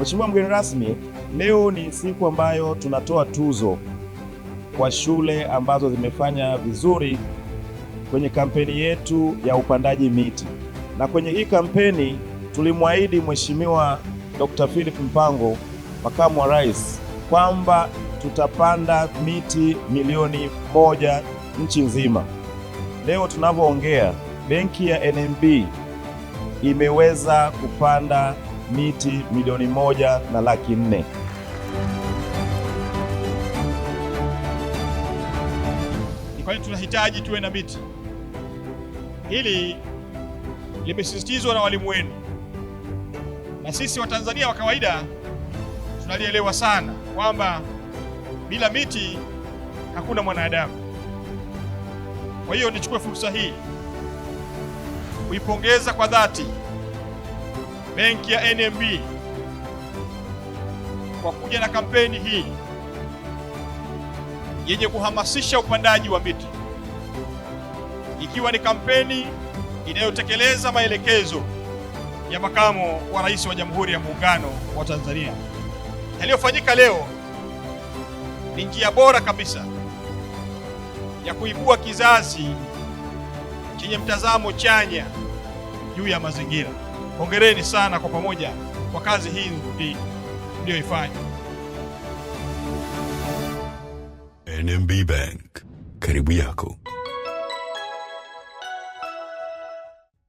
Mheshimiwa mgeni rasmi, leo ni siku ambayo tunatoa tuzo kwa shule ambazo zimefanya vizuri kwenye kampeni yetu ya upandaji miti, na kwenye hii kampeni tulimwahidi Mheshimiwa Dr. Philip Mpango, makamu wa rais, kwamba tutapanda miti milioni moja nchi nzima. Leo tunavyoongea, benki ya NMB imeweza kupanda miti milioni moja na laki nne. Kwa hiyo tunahitaji tuwe na miti. Hili limesisitizwa na walimu wenu, na sisi Watanzania wa kawaida tunalielewa sana kwamba bila miti hakuna mwanadamu. Kwa hiyo nichukue fursa hii kuipongeza kwa dhati benki ya NMB kwa kuja na kampeni hii yenye kuhamasisha upandaji wa miti, ikiwa ni kampeni inayotekeleza maelekezo ya Makamo wa Rais wa Jamhuri ya Muungano wa Tanzania. Yaliyofanyika leo ni njia bora kabisa ya kuibua kizazi chenye mtazamo chanya juu ya mazingira hongereni sana kwa pamoja kwa kazi hii mliyoifanya. NMB Bank karibu yako.